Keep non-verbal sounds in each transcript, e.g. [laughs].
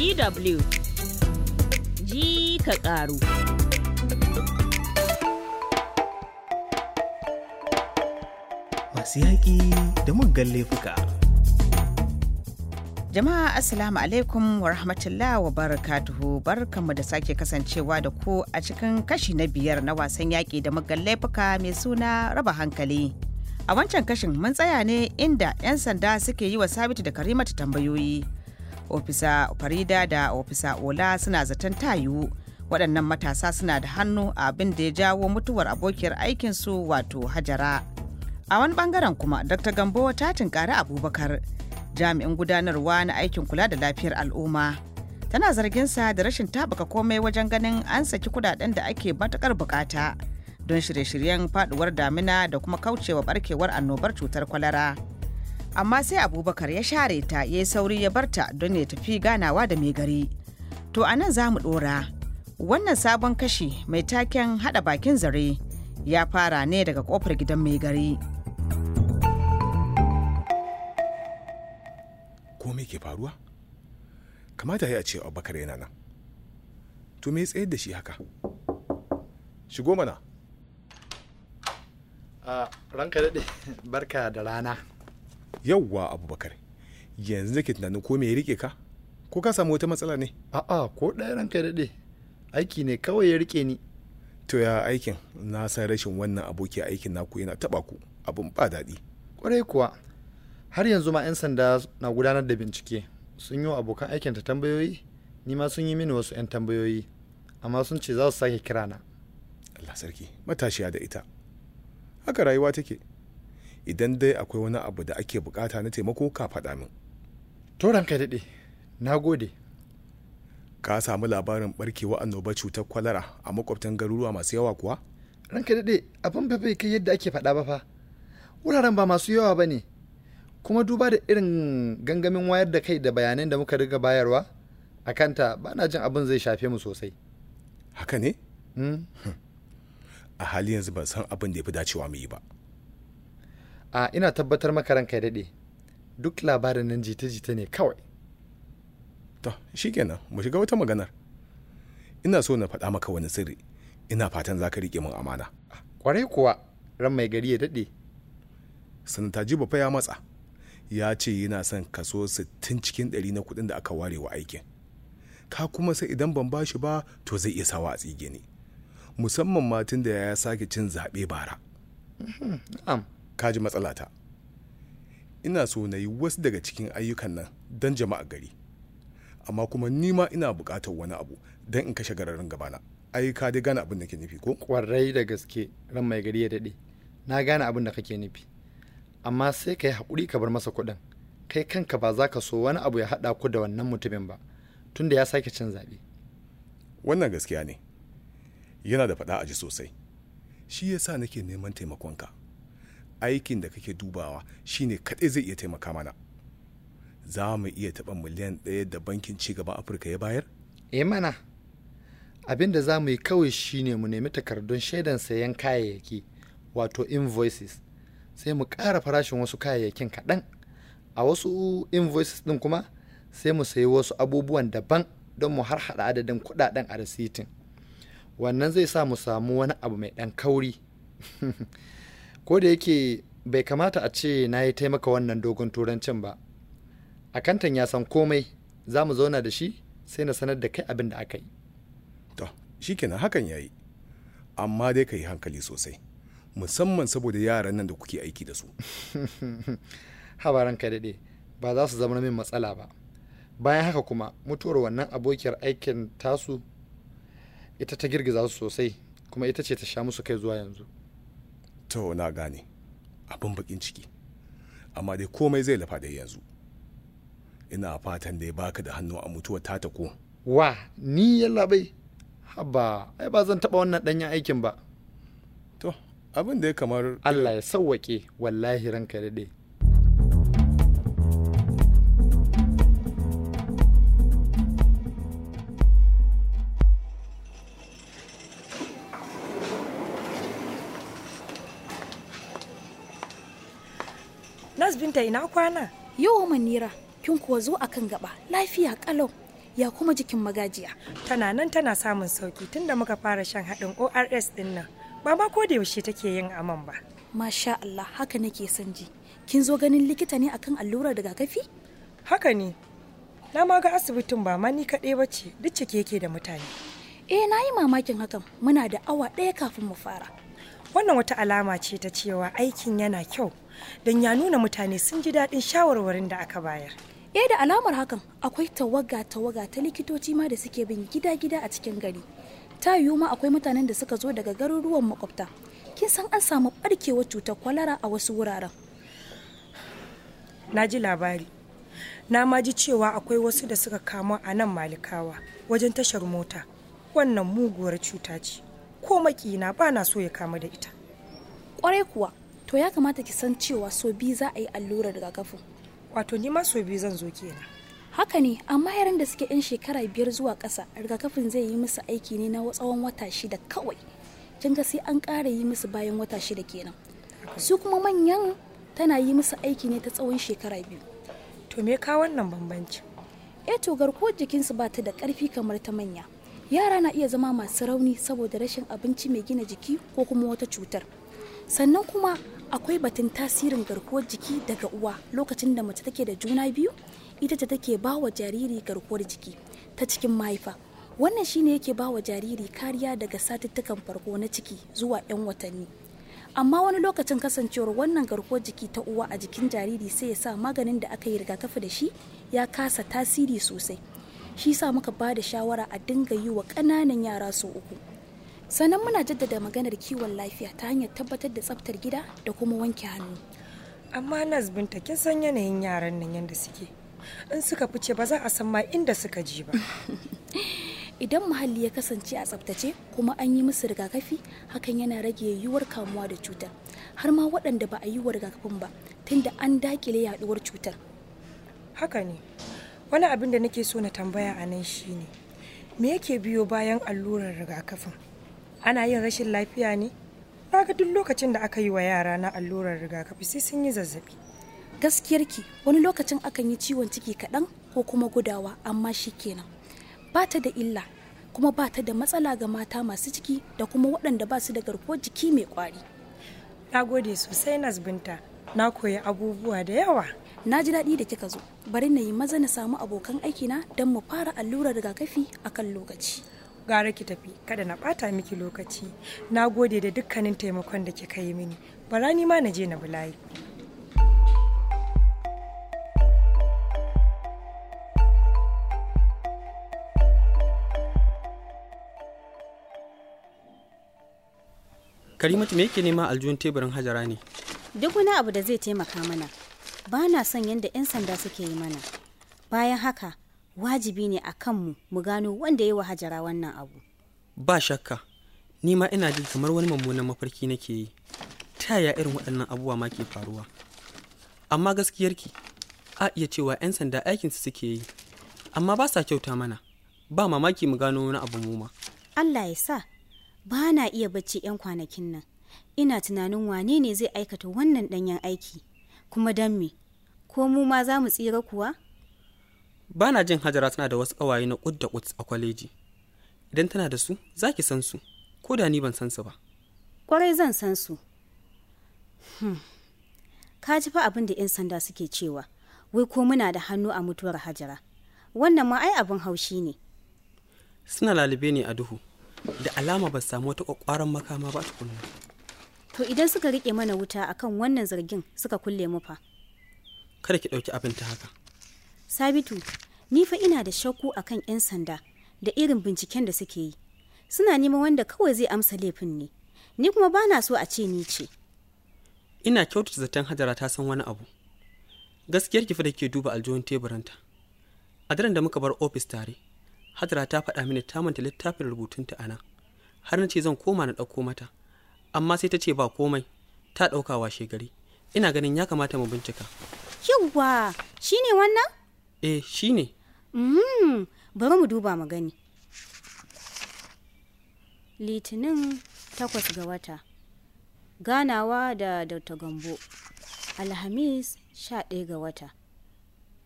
DW ji ka ƙaru. Masu yaƙi da muggan laifuka. Jama'a Assalamu alaikum wa rahmatullah wa barakatuhu barkanmu da sake kasancewa da ku a cikin kashi na biyar na wasan yaƙi da muggan laifuka mai suna raba hankali. A wancan kashin mun tsaya ne inda 'yan sanda suke yi wa Sabitu da Karimatu tambayoyi. ofisa farida da ofisa ola suna zaton tayu waɗannan matasa suna da hannu a abin da ya jawo mutuwar abokiyar aikinsu wato hajara a wani bangaren kuma dr gambo ta tunkari abubakar jami'in gudanarwa na aikin kula da lafiyar al'umma tana zarginsa da rashin tabaka komai wajen ganin an saki kudaden da ake matukar bukata don shirye-shiryen faduwar damina da kuma kaucewa barkewar annobar cutar kwalara amma sai abubakar ya share ta ya yi sauri ya barta don ya tafi ganawa da mai gari to a nan za mu ɗora wannan sabon kashi mai taken hada bakin zare ya fara ne daga kofar gidan mai gari ko me ke faruwa kamata ya ce abubakar yana nan to me tsayar da shi haka shigo mana a ah, ranka daɗe [laughs] barka da rana yauwa abubakar yanzu nake tunanin ko me ya rike ka ko ka samu wata matsala ne a'a ko ɗaya ranka daɗe aiki ne kawai ya rike ni to ya aikin na san rashin wannan aboki aikin naku yana taɓa ku abin ba daɗi kwarai kuwa har yanzu ma 'yan sanda na gudanar da bincike sun yi wa abokan aikin ta tambayoyi ni ma sun yi mini wasu 'yan tambayoyi amma sun ce za su sake kira na Allah sarki matashiya da ita haka rayuwa take idan dai akwai wani abu da ake bukata na taimako ka faɗa min to kai daɗe na gode ka samu labarin barkewa annoba cutar kwalara a makwabtan garuruwa masu yawa kuwa ranka daɗe abin ba bai kai yadda ake faɗa ba fa wuraren ba masu yawa ba ne kuma duba da irin gangamin wayar da kai da bayanan da muka riga bayarwa a kanta ba na jin abin zai shafe mu sosai haka ne hmm? hm. a hali yanzu ban san abin da ya fi dacewa mu yi ba a ina tabbatar maka ranka ya daɗe duk labarin nan jita-jita ne kawai to kenan mu shiga wata maganar ina so na faɗa maka wani sirri ina fatan za ka riƙe min amana kwarai kuwa ran mai gari ya daɗe sanata ji fa ya matsa ya ce yana son kaso 60 cikin 100 na kuɗin da aka ware wa aikin ka kuma sai idan ban bashi ba to zai iya sawa a tsige ni musamman matin da ya sake cin zaɓe bara na'am mhm, kaji matsalata ina so na yi wasu daga cikin ayyukan nan don jama'a gari amma kuma nima ina buƙatar wani abu don in kashe gararin gabana ai ka dai gane abin da ke nufi ko kwarai da gaske ran mai gari ya daɗe na gane abin da kake nufi amma sai ka yi haƙuri ka bar masa kuɗin kai kanka ba za ka so wani abu ya haɗa ku da wannan mutumin ba tunda ya sake cin zaɓe wannan gaskiya ne yana da faɗa a ji sosai shi yasa nake neman taimakonka aikin da kake dubawa shine kaɗai zai iya taimaka mana za mu iya taɓa miliyan ɗaya da bankin cigaban afirka ya bayar eh mana abin da za mu yi kawai shine mu nemi takardun shaidan sayan kayayyaki wato invoices sai mu ƙara farashin wasu kayayyakin kaɗan a wasu invoices ɗin kuma sai mu sayi wasu abubuwan daban don mu har hada adadin kuɗaɗen a risitin wannan zai sa mu samu wani abu mai ɗan kauri [laughs] ko da yake bai kamata a ce na yi taimaka wannan dogon turancin ba akantan ya san komai za mu zauna da shi sai na sanar da kai abin da aka yi to kenan hakan ya yi amma dai ka yi hankali sosai musamman saboda yaran nan da kuke aiki da su [laughs] habaran ka daɗe ba za su zama min matsala ba bayan haka kuma mutuwar wannan abokiyar aikin tasu ita ta girgiza su sosai kuma ita ce ta sha musu kai zuwa yanzu to na gane abin bakin ciki amma dai komai zai lafa da yanzu ina fatan da ya baka da hannu a mutuwar tatako. ko wa ni yalla bai haba ai ba zan taba wannan danyen aikin ba to abin da ya kamar Allah ya sauwake wallahi ranka dade Nas Binta ina kwana? Yau Manira, kin kuwa zo akan gaba, lafiya kalau. Ya kuma jikin magajiya. Tana nan tana samun sauki tun da muka fara shan haɗin ORS ɗin nan. Ba ma ko da yaushe take yin aman ba. Masha Allah, haka nake son ji. Kin zo ganin likita ne akan allurar rigakafi? Haka ne. Na ma ga asibitin ba ma ni kaɗai ba ce, duk cike yake da mutane. Eh, na yi mamakin hakan. Muna da awa ɗaya kafin mu fara. Wannan wata alama ce ta cewa aikin yana kyau. don ya nuna mutane sun ji daɗin shawarwarin da aka bayar. Eh da alamar hakan akwai tawaga-tawaga ta likitoci ma da suke bin gida-gida a cikin gari. Ta yiwu ma akwai mutanen da suka zo daga garuruwan makwabta. Kin san an samu barkewar cutar kwalara a wasu wuraren. Na ji labari. Na ma ji cewa akwai wasu da suka kamu a nan malikawa wajen tashar mota. Wannan muguwar cuta ce. Ko makina ba na so ya kamu da ita. Ƙwarai kuwa, to ya kamata ki san cewa so biyu za a yi allurar rigakafin wato ni ma so biyu zan zo kenan haka ne amma yaran da suke yan shekara biyar zuwa ƙasa rigakafin zai yi musu aiki ne na tsawon wata shida kawai kin ga sai an ƙara yi musu bayan wata shida kenan su kuma manyan tana yi musu aiki ne ta tsawon shekara biyu to me ka wannan bambanci eh to garkuwar jikinsu ba ta da ƙarfi kamar ta manya yara na iya zama masu rauni saboda rashin abinci mai gina jiki ko kuma wata cutar sannan kuma akwai batun tasirin garkuwar jiki daga uwa lokacin da mace take da juna biyu ita ce take ba wa jariri garkuwar jiki ta cikin mahaifa wannan shine yake ba wa jariri kariya daga satuttukan farko na ciki zuwa 'yan watanni amma wani lokacin kasancewar wannan garkuwar jiki ta uwa a jikin jariri sai ya sa maganin da aka yi rigakafi da shi ya kasa tasiri sosai shi sa muka ba da shawara a dinga yi wa ƙananan yara sau uku sannan muna jaddada maganar kiwon lafiya ta hanyar tabbatar da tsaftar gida da kuma wanke hannu amma nas binta kin san yanayin yaran nan yadda suke in suka fice ba za a san ma inda suka ji ba [laughs] idan muhalli ya kasance a tsaftace kuma an yi musu rigakafi hakan yana rage yiwuwar kamuwa da cutar har ma waɗanda ba a yi wa rigakafin ba tunda an dakile yaduwar cutar haka ne wani abin da nake so na tambaya a nan shine me yake biyo bayan allurar rigakafin ana yin rashin lafiya ne na ga duk lokacin da aka yi wa yara na allurar rigakafi sai sun yi zazzabi gaskiyarki wani lokacin akan yi ciwon ciki kaɗan ko kuma gudawa amma shi kenan ba ta da illa kuma ba ta da matsala ga mata masu ciki da kuma waɗanda ba su da garkuwar jiki mai kwari. na gode sosai nasbinta na koyi abubuwa da yawa na ji daɗi da kika zo bari na yi maza na samu abokan aikina don mu fara allurar rigakafi a kan lokaci gara ki tafi kada na bata miki lokaci na gode da dukkanin taimakon da kika yi mini bara ni ma na je na bulayi karimatu me yake nema aljuhun teburin hajara ne duk wani abu da zai taimaka mana ba na son yadda 'yan sanda suke yi mana bayan haka wajibi ne a kanmu mu gano wanda ya wa hajara wannan abu ba shakka ni ma ina jin kamar wani mummunan mafarki nake yi ta yaya irin waɗannan abubuwa ma ke faruwa amma gaskiyarki a iya cewa 'yan sanda aikinsu suke yi amma ba sa kyauta mana ba mamaki mu gano wani abu mu ma allah ya sa ba na iya bacci 'yan kwanakin nan ina tunanin wane ne zai aikata wannan ɗanyen aiki kuma don me ko mu ma za mu tsira kuwa ba na jin hajara tana da wasu ƙawaye na ƙud da ƙud a kwaleji idan tana da su za ki san su ko da ni ban san su ba ƙwarai zan san su hmm. ka ji fa abin da 'yan sanda suke cewa wai ko muna da hannu a mutuwar hajara wannan ma ai abin haushi ne suna lalube ne a duhu da alama ba samu wata kwakwaran makama ba tukunna to idan suka rike mana wuta akan wannan zargin suka kulle mu fa kada ki ɗauki abin ta haka Sabitu, ni fa ina da shakku akan 'yan sanda da irin binciken da suke yi. Suna neman wanda kawai zai amsa laifin ne. Ni kuma bana so a ce ni ce. Ina kyautata zaton Hajara ta san wani abu. Gaskiyar kifa da ke duba aljihun teburinta. A daren da muka bar ofis tare, Hajara ta faɗa mini ta manta littafin rubutunta a nan. Har na ce zan koma na ɗauko mata. Amma sai ta ce ba komai, ta ɗauka washe gari. Ina ganin ya kamata mu bincika. Yawwa, shine wannan? eh shi ne mm-hmm. bari mu duba mu gani litinin takwas ga wata ganawa da dr gambo alhamis sha ɗaya ga wata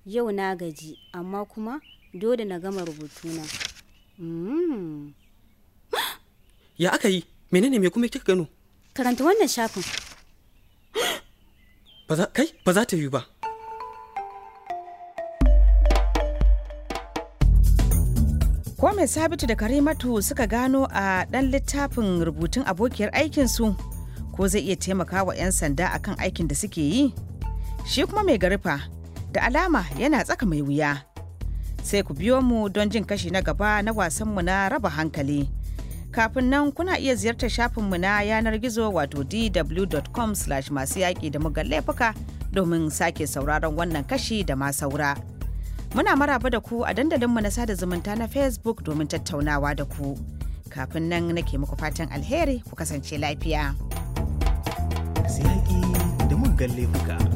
yau na gaji amma kuma dole na gama rubutuna mm. ya aka yi menene me kuma kika gano karanta wannan shafin kai ba za ta yi ba ko mai sabitu da karimatu suka gano a ɗan littafin rubutun abokiyar aikinsu ko zai iya taimaka wa 'yan sanda a kan aikin da suke yi shi kuma mai garifa da alama yana tsaka mai wuya sai ku biyo mu don jin kashi na gaba na wasanmu na raba hankali kafin nan kuna iya ziyartar shafinmu na yanar gizo wato dw.com masu yaƙi da muga laifuka domin sake sauraron wannan kashi da ma saura. Muna maraba da ku a dandalinmu na sada zumunta na Facebook domin tattaunawa da ku. Kafin nan nake muku fatan alheri ku kasance lafiya. Siyaki da muggan laifuka.